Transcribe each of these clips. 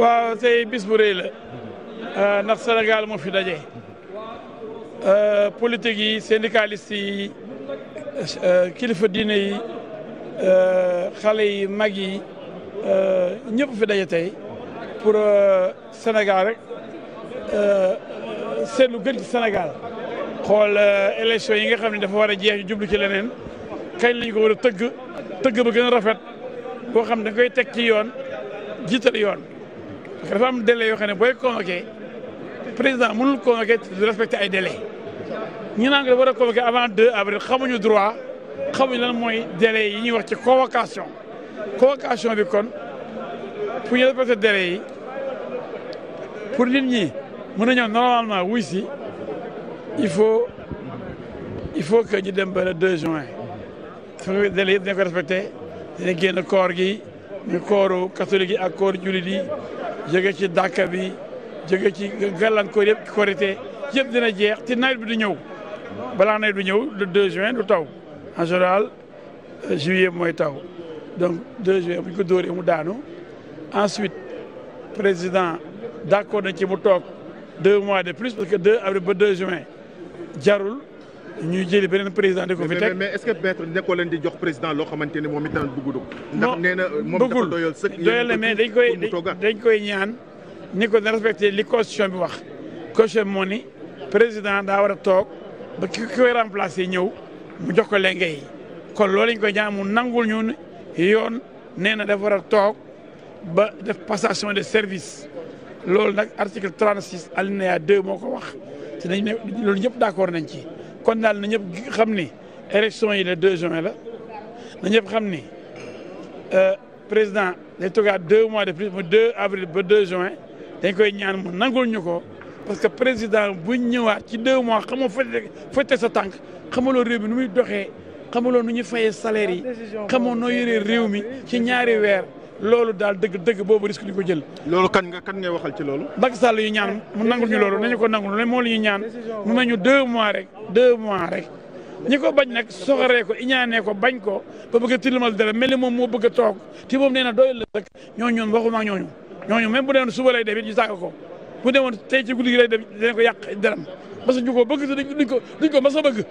waaw tey bis bu rëy la euh, ndax Sénégal moo fi daje euh, politique yi syndicaliste yi euh, kilifa diine yi xale yi mag yi ñëpp fi daje tey pour Sénégal rek seetlu gën ci Sénégal xool élection yi nga xam ne dafa war a jeex jublu ci leneen kañ lañ ko war a tëgg tëgg ba gën a rafet boo xam ne da koy teg ci yoon jiital yoon dafa am délai yoo xam ne booy convoqué président mënul convoqué du respecté ay délai ñi naan ko war a convoqué avant 2 avril xamuñu droit xamuñu lan mooy délai yi ñuy wax ci convocation convocation bi kon pour ñu respecté délai yi pour nit ñi mën a ñëw wuy si il faut il faut que ñu dem ba le 2 juin su fekkee délai yëpp dañ ko respecté dina génn koor gi ñu kooru catholique yi ak koor jullit yi jóge ci dàkka bi jóge ci gàllankoor yëpp korité yëpp dina jeex te nawet bi du ñëw balaa nawet bi ñëw le 2 juin du taw en général euh, juillet mooy taw donc 2 juin bu ñu ko dóoree mu daanu ensuite président d'accord na ci mu toog deux mois de plus parce que 2 avril ba 2 juin jarul ñu jëli beneen président di ko fi teg mais est-ce que maître nekkoo di jox président loo xamante ne moom itam bëggu ko. ndax nee na moom dafa doyal sëkk doyal na mais dañ koy dañ koy ñaan ni ko na respecté li constitution bi wax constitution bi moo ni président daa war a toog ba ki koy remplacé ñëw mu jox ko lenge kon loolu lañ koy ñaan mu nangul ñun yoon nee na dafa war a toog ba def passation de service loolu nag article 36 alinéa 2 moo ko wax te dañ ne loolu ñëpp d'accord nañ ci kon daal na ñëpp xam ni élection yi le 2 juin la na ñëpp xam ni euh, président day toogaat deux mois de plus mu 2 avril ba 2 juin dañ koy ñaan mu nangul ñu ko parce que président bu ñëwaat ci deux mois xamoo fete sa tànk loo réew mi nu muy doxee xamaloo nu ñu fayee salaire yi xamoo noo yoree réew mi ci ñaari weer loolu daal dëgg dëgg boobu risque di ko jël. loolu kan nga kan ngay waxal ci loolu. Macky Sall yu ñaan mu nangul ñu loolu nañu ko nangul ne moo la ñuy ñaan mu ne ñu deux rek deux mois rek ñi ko bañ nag soxaree ko iñaanee ko bañ ko ba bëgg a tilimal dara mel ni moom moo bëgg toog te moom nee na doyul rek ñooñu ñoom waxuma ñooñu ñooñu même bu demoon suba lay def it ñu sàkk ko bu demoon tey ci guddi lay def dinañ ko yàq deram parce que ñu ko bëgg te duñ ko duñ ko mas a bëgg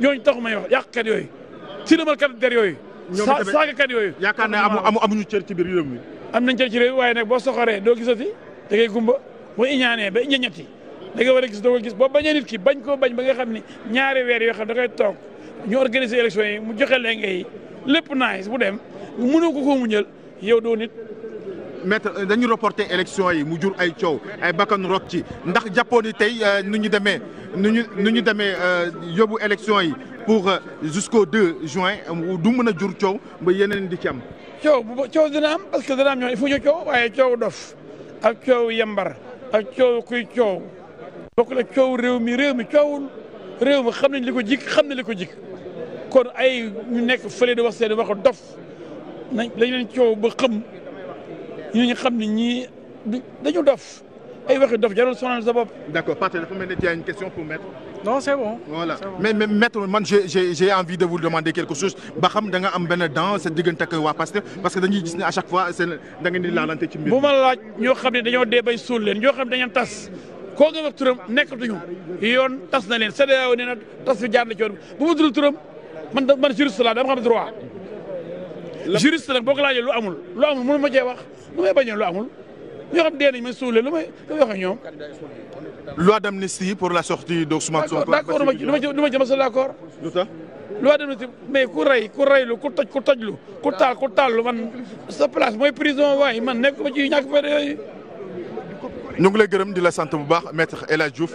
ñooñu taxu may wax yooyu saagakat yooyu yaakaar ne amu amuñu cër ci biir réew mi am nañ cër ci réew waaye nag boo soxoree doo gisati da ngay gumba boo iñaanee ba iñañati da nga war a gis doo gis boo bañee nit ki bañ koo bañ ba nga xam ni ñaari weer yoo xam dangay koy toog ñu organiser élection yi mu joxe lenge yi lépp naagis bu dem mënoo ko ko muñal yow doo nit maître dañu reporter élection yi mu jur ay coow ay bakkan rot ci ndax jàppoon tey euh, nu ñu demee nu ñu nu ñu demee euh, yóbbu élection yi pour euh, jusqu'au 2 juin du mën a jur coow ba yeneen di ci am. coow bu coow dina am parce que dina ñoo ñoom il faut ñu coow waaye coow dof ak coow yembar ak coow kuy coow bokk la coow réew mi réew mi coowul réew mi xam nañ li ko jik xam na li ko jik kon ay ñu nekk fële di wax seen wax dof leen coow ba xam. ñu ñooñu xam ne ñii dañu dof ay waxi dof jarul sonal sa bopp. d'accord Pathé dafa a c'est bon. voilà man j'ai envie de vous demander quelque chose ba xam da nga am benn dent sa diggante ak waa Pastef parce que dañuy gis ne à chaque fois seen da ngeen di laalante ci mbir bu ma laaj ñoo xam ne dañoo dee bay suul leen ñoo xam ne dañoo tas. koo nga wax turam nekkatuñu yoon tas na leen CEDEAO nee na tas fi jaar na ci yoon bu ma tudd turam man man juriste laa xam droit. juriste nag boo ko laajee lu amul lu amul mënu ma cee wax lu may bañee lu amul ñoo xam dee nañ ma suulee lu may wax ak ñoom. loi d'amnistie pour la sortie d'Ousmane Sonko. d'accord d'accord du ma ci du ma ci sa d'accord. lu tax loi mais ku rey ku reylu ku toj ku tojlu ku taal ku taalu man sa place mooy prison waaye man nekk ma ci ñàkk fayda yooyu. ñu ngi lay gërëm di la sant bu baax maître El la Diouf